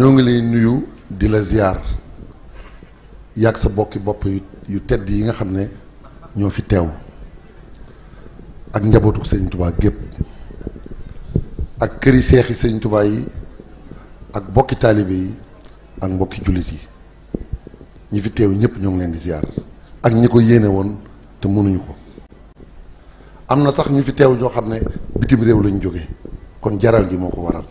ñoo ngi lay nuyu di la ziar yàgg sa bokki bopp yu tedd yi nga xam ne ñoo fi teew ak njabootu sëñ tubaa gépp ak këri seexi sëñ tubaa yi ak bokki taalibe yi ak mbokki jullit yi ñu fi teew ñëpp ñoo ngi leen di ziar ak ñi ko yéene woon te mënuñu ko am na sax ñu fi teew ñoo xam ne bitim réew lañ jóge kon jaral gi moo ko waral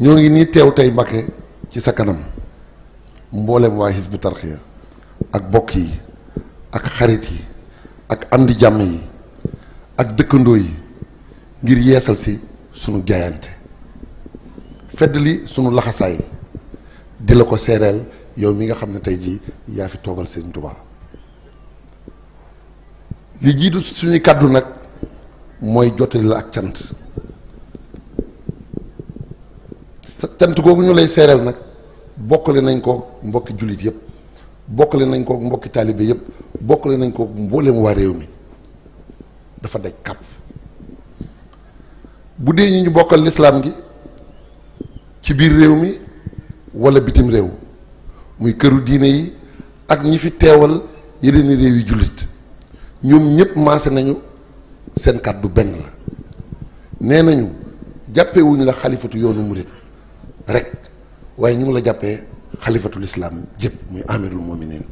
ñoo ngi nii teew tey Mbacké ci sa kanam mboolem waa Hizbu Tarxiya ak bokk yi ak xarit yi ak andi jàmm yi ak dëkkandoo yi ngir yeesal si sunu jaayante fedd li sunu laxasaay di la ko seereel yow mi nga xam ne tey jii yaa fi toogal Sëriñ Tuubaa li jiitu suñuy kàddu nag mooy jottali la ak cant cant googu ñu lay seereel nag bokkale nañ ko mbokki jullit yëpp bokkale nañ ko mbokki taalibe yëpp bokkale nañ ko mbooleem waa réew mi dafa daj kàpp bu dee ñi ñu bokkal lislaam gi ci biir réew mi wala bitim réew muy këru diine yi ak ñi fi teewal yeneen i réew yi jullit ñoom ñëpp maase nañu seen kàddu benn la nee nañu jàppewuñu la xalifatu yoonu murit rek waaye ñu ngi la jàppee xalifatul islaam jëpp muy amirul muminin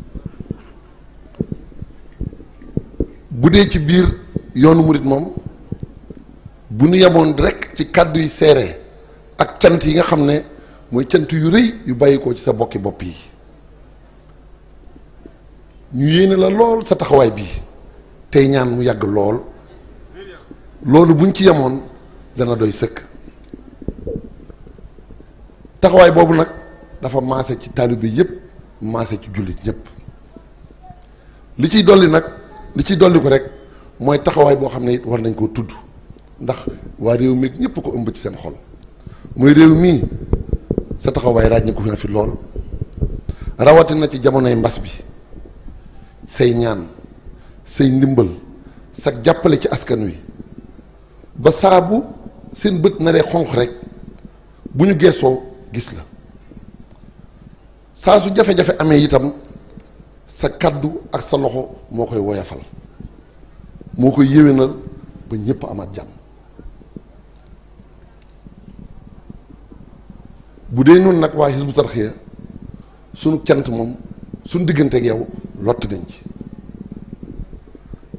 bu dee ci biir yoonu murit moom bu ñu yemoon rek ci kàddu yi seere ak cant yi nga xam ne mooy cant yu rëy yu bàyyikoo ci sa bokki bopp yi ñu yéene la lool sa taxawaay bi tey ñaan mu yàgg lool loolu buñ ci yemoon dana doy sëkk taxawaay boobu nag dafa maase ci taalibe yëpp maase ci jullit ñëpp li ciy dolli nag li ciy dolli ko rek mooy taxawaay boo xam ne war nañ koo tudd ndax waa réew mi ñëpp ko ëmb ci seen xol muy réew mii sa taxawaay ràññi ko na fi lool rawatina ci jamonoy mbas bi say ñaan say ndimbal sa jàppale ci askan wi ba saabu seen bët naree xonq rek bu ñu geesoo gis la saa su jafe-jafe amee itam sa kàddu ak sa loxo moo koy woyafal moo koy yéwénal ba ñépp amaat jàmm bu dee noonu nag waa Hizbut Tarqiyyah sunu cant moom sunu diggante ak yow lott nañ ci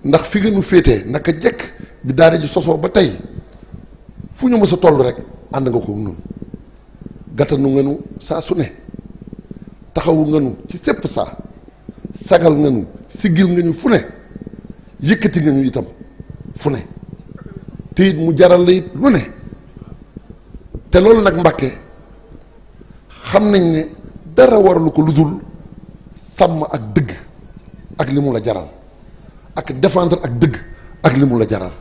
ndax fi gënu féetee naka jekk bi daara ji sosoo ba tey fu ñu mës a rek ànd nga ko nun gàttanu ngënu saa su ne taxawu ngënu ci sépp saa sagal ngënu siggil ngënu fu ne yëkkati ngënu itam fu ne te it mu jaral la it lu ne te loolu nag mbàkke xam nañ ne dara waralu ko lu dul sàmm ak dëgg ak li mu jaral ak défendre ak dëgg ak li mu la jaral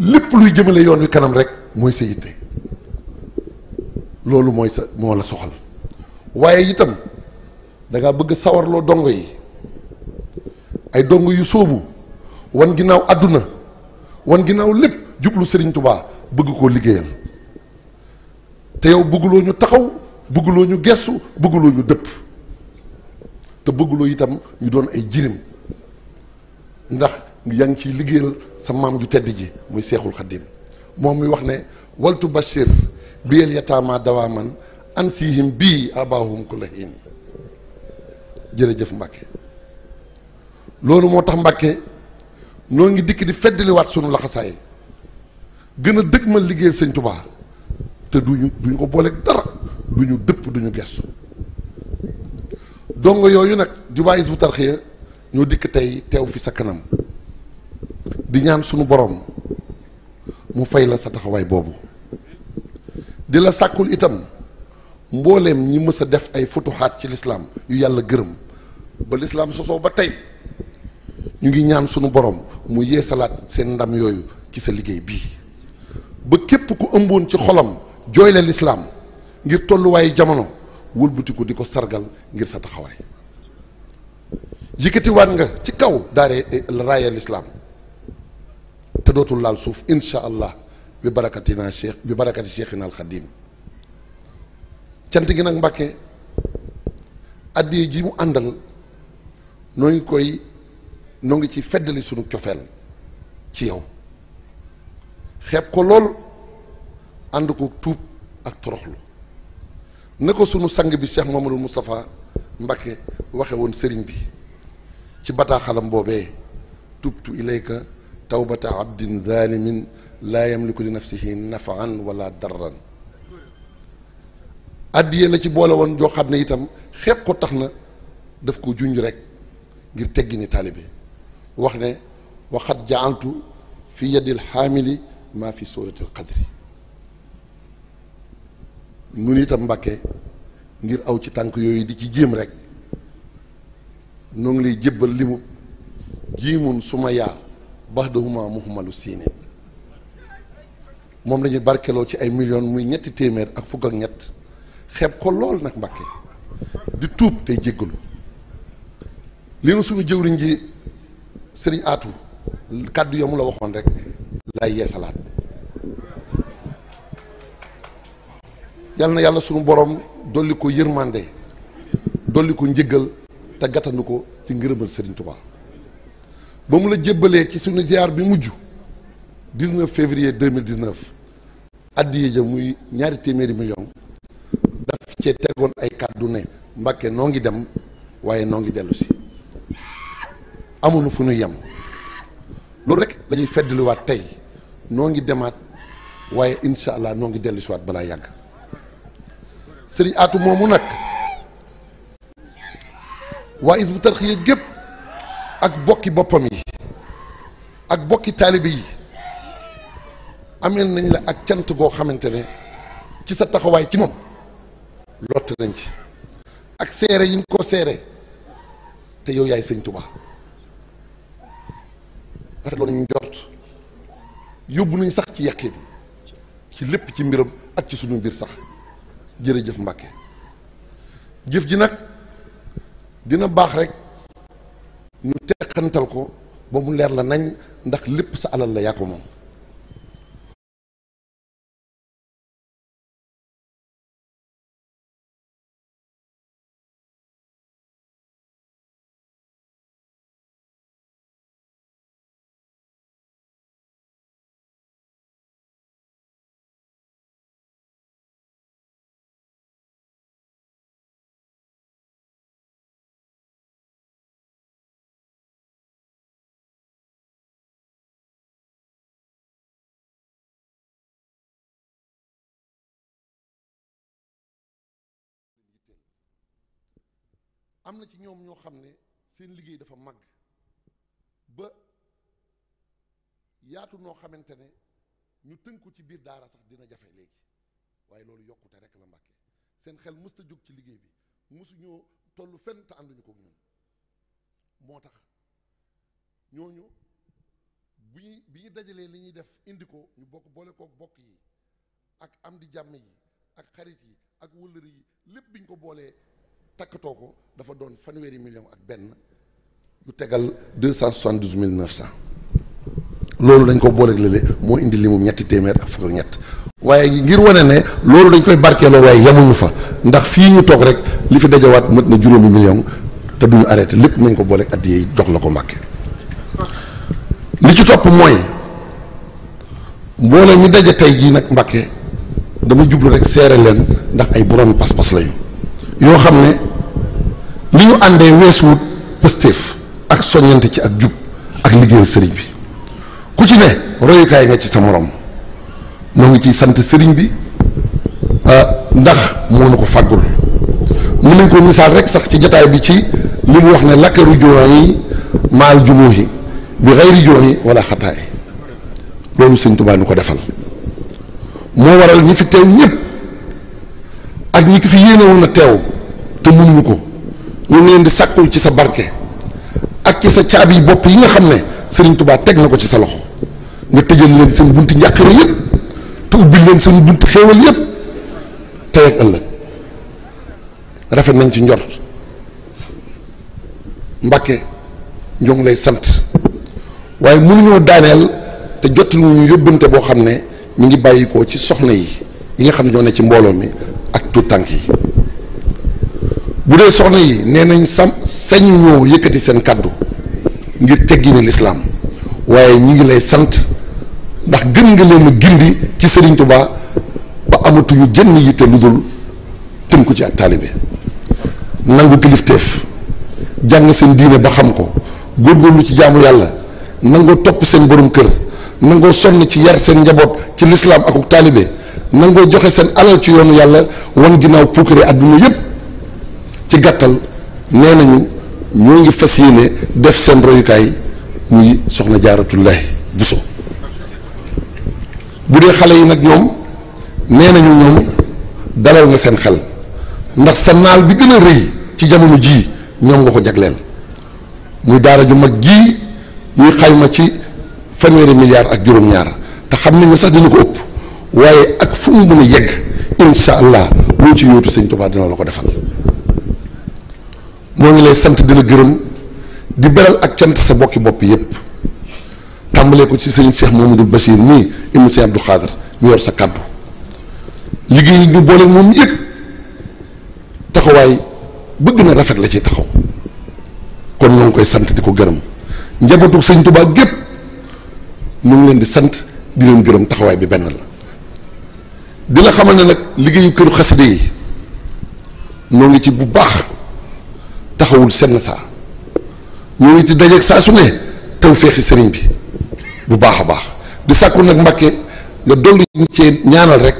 lépp luy jëmale yoon wi kanam rek mooy sa yitte loolu mooy sa moo la soxal waaye itam da bëgg sawarloo dongo yi ay dongo yu sóobu wan ginnaaw àdduna wan ginnaaw lépp jublu Serigne tubaa bëgg koo liggéeyal te yow bëgguloo ñu taxaw bëgguloo ñu gestu bëgguloo ñu dëpp te bëgguloo itam ñu doon ay jirim ndax yaa ngi ciy liggéeyal sa maam ju tedd ji muy seexul xaddim moom mi wax ne waltu bashir biyel yataama man ansihim bii abahum ku la hiini jërëjëf Mbàkke loolu moo tax Mbàkke noo ngi dikk di feddaliwaat sunu laxasaay gën a dëgg ma liggéey sëñ Tubaa te duñu duñu ko booleeg dara duñu dëpp duñu gestu dongo yooyu nag jubaay Hizbut Tarqiyyah ñoo dikk tey teew fi sa kanam di ñaan sunu boroom mu fay la sa taxawaay boobu di la sàkkul itam mbooleem ñi mës a def ay futuxaat ci lislaam yu yàlla gërëm ba lislaam sosoo ba tey ñu ngi ñaan sunu boroom mu yeesalaat seen ndam yooyu ci sa liggéey bii ba képp ku ëmboon ci xolam jooy lislaam ngir tolluwaayu jamono wëlbatiku di ko sargal ngir sa taxawaay yëkkatiwaat nga ci kaw daare eh, raaya lislaam te dootul laal suuf incha allah bi barakatina cheikh bi barakati cheikhina alxadim cant gi nag mbàkke addiye ji mu àndal noo ngi koy noo ngi ci feddali sunu cofeel ci yow xeeb ko lool ànd ko tuub ak toroxlu ne ko sunu sang bi cheikh Mamadou Moustapha Mbacke waxe woon sëriñ bi ci bataaxalam boobee tubtu ilayka tawbata abdin zalimin laa yamliku li nafsihi nafaan wala darran addiye la ci boole woon joo xam ne itam xeeb ko tax na daf ko junj rekk ngir teggi ni taalibe wax ne waxat jaaltu fi yadil xaamili maa fi sóoratil qadri nun itam mbàkke ngir aw ci tànk yooyu di ci jéem rekk noo ngi lay jébbal limu jiimun su yaa baxduhuma muhmalu siinin moom lañu barkeloo ci ay million muy ñetti téeméer ak fukk ak ñett xeeb ko lool nag Mbàkke di tuub tey jéggalu li nu suñu jëwriñ ji sëriñ aatu kàddu ya mu la waxoon rek lay yeesalaat yal na yàlla sunu boroom dolli ko yërmande dolli ko njëggal te gàttandu ko ci ngërëmal sëriñ Tuubaa ba mu la jébbalee ci sunu ziar bi mujj 19 février 2019 addiye ja muy ñaari téeméeri million daf cee tegoon ay kàddu ne Mbàkke noo ngi dem waaye noo ngi dellu si amuñu fu ñu yem loolu rek lañuy feddliwaat tey noo ngi demaat waaye incha allah noo ngi dellu si waat balaa yàgg sëriñ aatu moomu nag waa is bu tarxiya gépp ak bokki boppam yi ak bokki taalibe yi ameel nañ la ak cant goo xamante ne ci sa taxawaay ci moom lott nañ ci ak seere yi nga ko seere te yow yaay sëñ Tuubaa rafetlu nañu njort nañ sax ci yàqin ci lépp ci mbiram ak ci sunu mbir sax jërëjëf Mbàkke jëf ji nag dina baax rekk xantal ko ba mu leer la nañ ndax lépp sa alal la yàqu moom am na ci ñoom ñoo xam ne seen liggéey dafa màgg ba yaatu noo xamante ne ñu tënku ci biir daara sax dina jafe léegi waaye loolu yokkute rek la Mbàkke seen xel mësta jóg ci liggéey bi mësuñoo tollu fenn te ànduñu ko ñun moo tax ñooñu bu bi ñu dajalee li ñuy def indi ko ñu bokk boole kook bokk yi ak am di jàmm yi ak xarit yi ak wëllëri yi lépp bi ñu ko boolee takkatoo ko dafa doon fanweeri million ak benn yu tegal deux cent soixante-douze mille neuf cent loolu dañ ko booleeg lële moo indi li mu ñetti téeméer ak fukk ñett waaye ngir wane ne loolu dañ koy barkeeloo waaye yemuñu fa ndax fii ñu toog rek li fi dajawaat mët na juróomi million te duñu arrêté lépp nañ ko booleeg addi yi jox la ko Mbàkke li ci topp mooy mbooloo mi daje tey jii nag Mbàkke dama jublu rek seere leen ndax ay borom pas-pas lañu yoo xam ne li ñu àndee weesu pëstéef ak soññante ci ak jub ak liggéeyal sëriñ bi ku ci ne royukaay nga ci sa morom ñoo ngi ciy sant sëriñ bi ah, ndax moo nu ko fàggul mu nañ ko misaal rek sax ci jataay bi ci li mu wax ne lakkaru joo yi maal jumoo yi bi xayri joo yi wala xataay loolu sëñ Tuubaa nu ko defal moo waral ñi fi teew ñëpp ak ñi ko fi yéene a teew te mënuñu ko ñu ngi leen di sàkkul ci sa barke ak ci sa caabi bopp yi nga xam ne Serigne Touba teg na ko ci sa loxo nga tëjal leen seen bunti njàqare yëpp te ubbil leen seen bunti xéewal yëpp tey ak ëllëg rafet nañ ci njort Mbàkke ñoo ngi lay sant waaye mënuñoo daaneel te jotul ñu yóbbante boo xam ne ñu ngi bàyyikoo ci soxna yi yi nga xam ne ñoo ne ci mbooloo mi. ak tout tànk yi bu dee soxna yi nee nañ sam sañ ñoo yëkkati seen kàddu ngir teggini lislaam waaye ñi ngi lay sant ndax gën nga leen a gindi ci Serigne Touba ba amatuñu jënn yitte lu dul tënku ci ak taalibe nangu kilifteef jàng seen diine ba xam ko góorgóorlu ci jaamu yàlla nangoo topp seen borom kër nangoo sonn ci yar seen njaboot ci lislaam akuk taalibe nangoo joxe seen alal ci yoonu yàlla wan ginnaaw puukare adduna yépp ci gàttal nee nañu ñoo ngi fas yéene def seen royukaay muy soxna jaaratullahi buso bu dee xale yi nag ñoom nee nañu ñoom dalal nga seen xel ndax sa naal bi gën a rëy ci jamono jii ñoom nga ko jagleel muy daara ju mag jii ñuy xayma ci fanweeri milliards ak juróom-ñaar te xam nañ ne sax dina ko ëpp waaye ak fu mu mën a yegg incha allah loo ci yóotu sëñ Tuubaa dina la ko defal moo ngi lay sant dina gërëm di beral ak cant sa bokki bopp yépp tàmbalee ko ci sëñ Cheikh Mamadou Bachir nii ibnu seen Abdou Khader mu yor sa kàddu liggéey ñu boole moom yëpp taxawaay bëgg na rafet la ci taxaw kon ñoo koy sant di ko gërëm njabatu sëñ Tuubaa gépp ñu ngi leen di sant di leen gërëm taxawaay bi benn la di la xamal ne nag liggéeyu kër xasida yi ñoo ngi ci bu baax taxawul senn saa ñoo ngi ci dajeeg saa su ne taw feexi sëriñ bi bu baax a baax di sàkku nag mbàkke nga dolli ñu cee ñaanal rek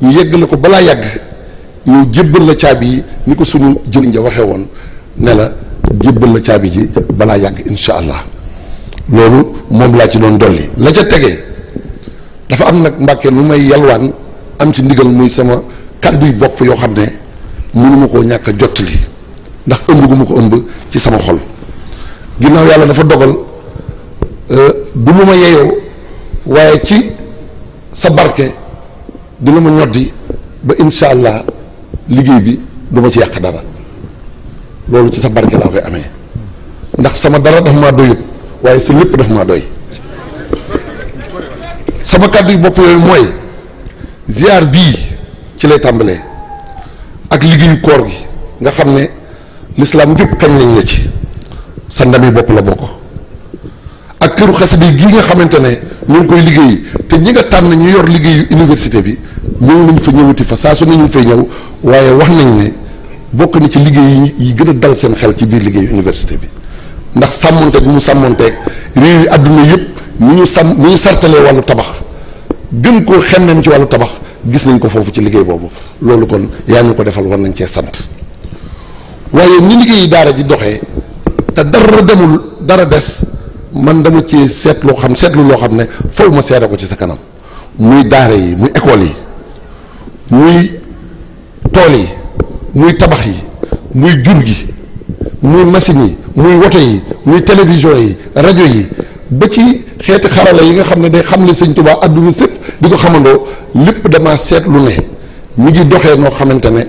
ñu yegg la ko balaa yàgg ñu jébbal la caabi yi ni ko sunu jëriñ ja waxee woon ne la jébbal la caabi ji balaa yàgg incha allah loolu moom laa ci doon dolli la ca tege dafa am nag mbàkke lu may yalwaan am ci ndigal muy sama kàdduy bopp yoo xam ne mënuma koo ñàkk a jottali ndax ëmb gu ma ko ëmb ci sama xol ginnaaw yàlla dafa dogal bu euh, lu ma yeyoo waaye ci sa barke dina ma ñoddi ba incha allah liggéey bi duma ci yàq dara loolu ci sa barke laa koy amee ndax sama dara dafa maa doyut waaye sa lépp dafa maa doy sama kàddu yu bopp yooyu mooy ziar bii ci lay tàmbalee ak liggéeyu koor gi nga xam ne lislaam yëpp kañ lañ la ci sa ndami bopp la bokk ak këru bi gi nga xamante ne ñu ngi koy liggéey te ñi nga tànn ñu yor liggéeyu université bi ñëw nañ fa ñëwuti fa saa su ne ñu fay ñëw waaye wax nañ ne bokk na ci liggéey yi gën a dal seen xel ci biir liggéeyu université bi ndax sàmmonteeg mu sàmmonteeg réew yi àdduna yëpp ni ñu sàmm ni ñu sartalee wàllu tabax gën koo xemmeem ci wàllu tabax gis nañ ko foofu ci liggéey boobu loolu kon yaa ñu ko defal war nañ cee sant waaye ni liggéeyi daara ji doxee te dara demul dara des man dama ci seet loo xam seetlu loo xam ne faw ma seere ko ci sa kanam muy daara yi muy école yi muy tool yi muy tabax yi muy jur gi muy machine yi muy woto yi muy télévision yi rajo yi ba ci xeeti xarala yi nga xam ne day xamle sëñ Tuubaa àdduna sépp di ko xamandoo lépp dama seetlu ne mi ngi doxee noo xamante ne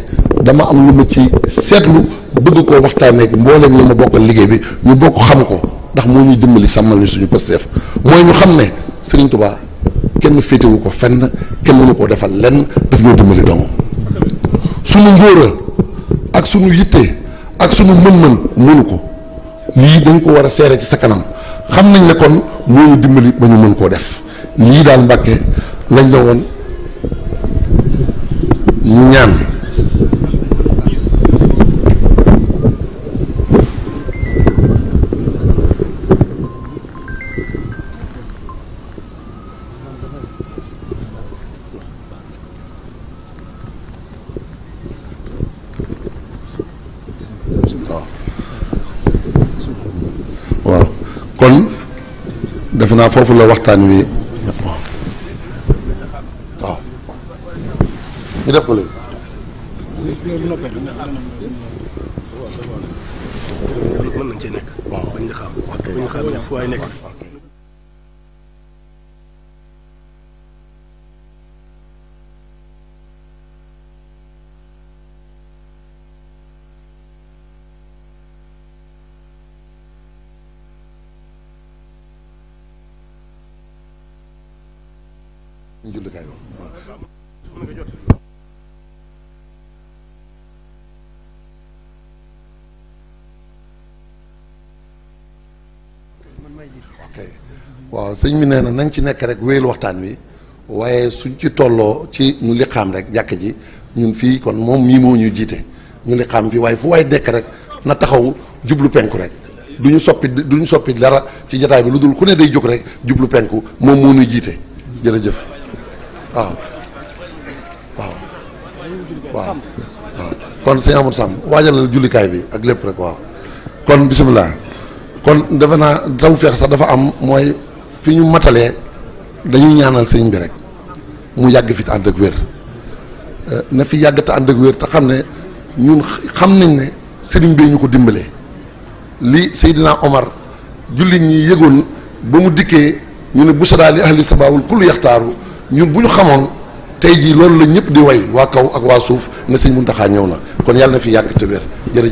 dama am lu ma ci seetlu bëgg koo waxtaanee mbooleem ñu ma bokkal liggéey bi ñu bokk xam ko ndax moo ñuy dimbali sàmmal ñu suñu Pastef mooy ñu xam ne sëriñ Tuubaa kenn féetewu ko fenn kenn mënu koo defal lenn daf ñoo dimbali dong suñu ngóora ak suñu yitte ak suñu mën-mën mënu ko lii dañ ko war a seere ci sa kanam xam nañ ne kon moo ñu dimbali ba ñu mën koo def lii daal Mbàkke lañ la woon ñu ñaan foofu la waxtaan wi waaw ñu def ko léegi mën nañ cee nekk bañ la xaar bañ la xaar fu waay nekk ok waaw sëñ mi nee na nañ ci nekk rek wéyal waxtaan wi waaye suñ ci tolloo ci ñu liqaam rek jàkk ji ñun fii kon moom mii moo ñu jiite ñu liqaam fii waaye fu waay nekk rek na taxaw jublu penku rek du ñu soppi du ñu soppi dara ci jataay bi lu dul ku ne day jóg rek jublu penku moom moo ñu jiite jërëjëf waaw waaw waaw waaw kon sëñ Amadou Samb waajalal jullikaay bi ak lépp rek waaw kon bisimilah. kon defe naa taw feex sax dafa am mooy fi ñu matalee dañuy ñaanal sëñ bi rek mu yàgg fi te ànd ak wér euh, na fi yàgg te ànd ak wér te xam ne ñun xam nañ ne sëriñ bi ñu ko dimbalee li Seydina Omar jullit ñi yëgoon ba mu dikkee ñu ne bushraa li ahli sabaawul kullu yaxtaaru ñun bu ñu xamoon tey jii loolu la ñëpp di way waa kaw ak waa suuf na bu Muntaxa ñëw na kon yàlla na fi yàgg te wér